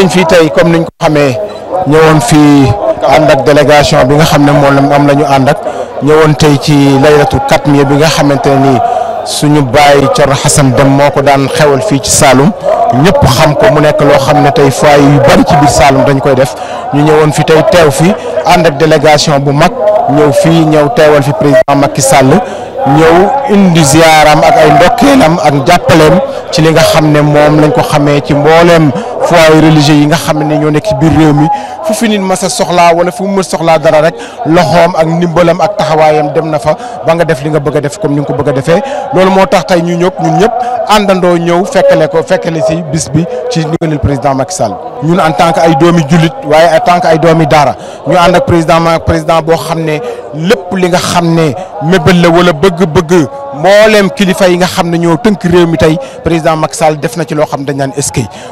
nañ fii tey comme niñ ko xamee ñëwoon fii ànd ak bi nga xam ne moom am la ànd ak ñëwoon tey ci laylatu katmiya bi nga xamante nii suñu bàyyi Thierno Hassane dem moo ko daan xewal fii ci saalum ñëpp xam ko mu nekk loo xam ne tey foyer yu bari ci biir Saloum dañ koy def ñu ñëwoon fi tey teew fi ànd ak délégation bu mag ñëw fii ñëw teewal fi président Macky sàll ñëw indi ziaram ak ay ndokkeelam ak jàppaleem ci li nga xam ne moom lañ ko xamee ci mbooleem foyer religieux yi nga xam ne ñoo nekk ci biir réew mi fu fi nit mas soxla wala fu mu mës soxlaa dara rek loxoom ak ndimbalam ak taxawaayam dem na fa ba nga def li nga bëgg a def comme ni nga ko bëgg defee loolu moo tax tey ñu ñëpp ñun ñëpp àndandoo ñëw fekkale ko fekkele si bis bi ci ndigalul président Macky Sall ñun en tant que ay doomi julit waaye en tant que ay doomi daara ñu ànd président boo xam ne lépp li nga xam ne mébal la wala bëgg-bëgg mbooleem kilifa yi nga xam ne ñoo tënk réew mi tey président Macky Sall def na ci loo xam ne dañ naan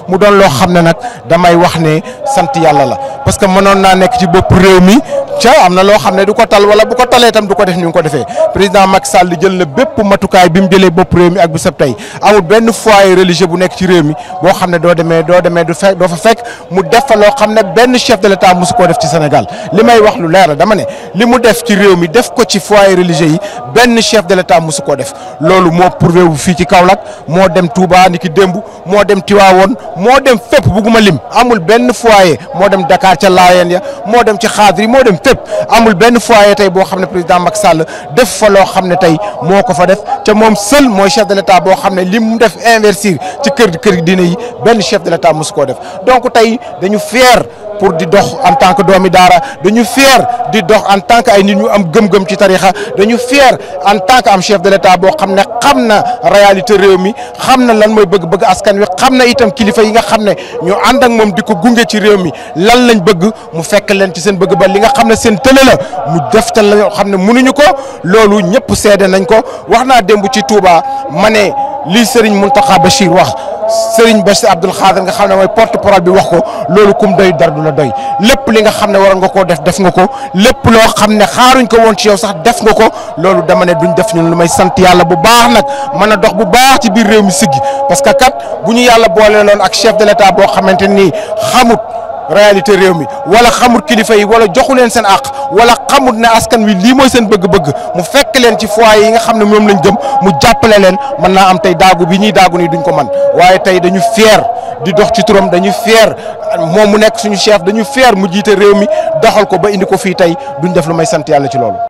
mu doon loo xam ne nag damay wax ne sant yàlla la parce que mënoon naa nekk ci bopp réew mi ca am na loo xam ne du ko tal wala bu ko talee itam du ko def ni mu ko defee président Macky Sall jël na bépp matukaay bi mu jëlee bopp réew mi ak bu sab tey amul benn foyer religieux bu nekk ci réew mi boo xam ne doo demee doo demee du fe doo fa fekk mu def fa loo xam ne benn chef de l'État mosu koo def ci Sénégal li may wax lu leer la dama ne li mu def ci réew mi def ko ci foyer religieux yi benn chef de l'État mosu koo def loolu moo prouvé wu fii ci Kaolack moo dem Touba ni ki démb moo dem Tiwaawoon moo dem fépp bugguma lim amul benn foyer moo dem Dakar ca Laayeen ya moo dem ci xaadir yi moo dem fépp amul benn foyer tey boo xam ne président Macky Sall def fa loo xam ne tey moo ko fa def te moom seul mooy chef de l' état boo xam ne li mu def investir ci kër kër diine yi benn chef de l' état mosu koo def donc tey dañu fier pour di dox en tant que doomi daara dañu fier di dox en tant que ay nit ñu am gëm-gëm ci tarixa dañu fier en tant que am chef de l'état boo xam ne xam na réalité réew mi xam na lan mooy bëgg-bëgg askan wi xam na itam kilifa yi nga xam ne ñu ànd ak moom di ko gunge ci réew mi lan lañ bëgg mu fekk leen ci seen bëgg ba li nga xam ne seen tële la mu deftal la yoo xam ne mënuñu ko loolu ñëpp seede nañ ko wax naa démb ci Touba ma ne lii Serigne Mountakha Bachir wax Serigne Bassirou Abdoul Khadre nga xam ne mooy porte parole bi wax ko loolu kum doy dara du la doy lépp li nga xam ne war nga koo def def nga ko lépp loo xam ne xaaruñ ko woon ci yow sax def nga ko loolu dama ne duñ def ñun lu may sant yàlla bu baax nag mën a dox bu baax ci biir réew mi siggi parce que kat bu ñu yàlla boole loon ak chef de boo xamante ni xamut. réalité réew mi wala xamut kilifa yi wala joxu leen seen àq wala xamut ne askan wi lii mooy seen bëgg-bëgg mu fekk leen ci foyer yi nga xam ne moom lañ jëm mu jàppale leen mën naa am tey daagu bi ñuy daagu nii duñ ko man waaye tey dañu fier di dox ci turam dañu fier moom mu nekk suñu chef dañu fier mu jiite réew mi doxal ko ba indi ko fii tey duñ def lu may sant yàlla ci loolu.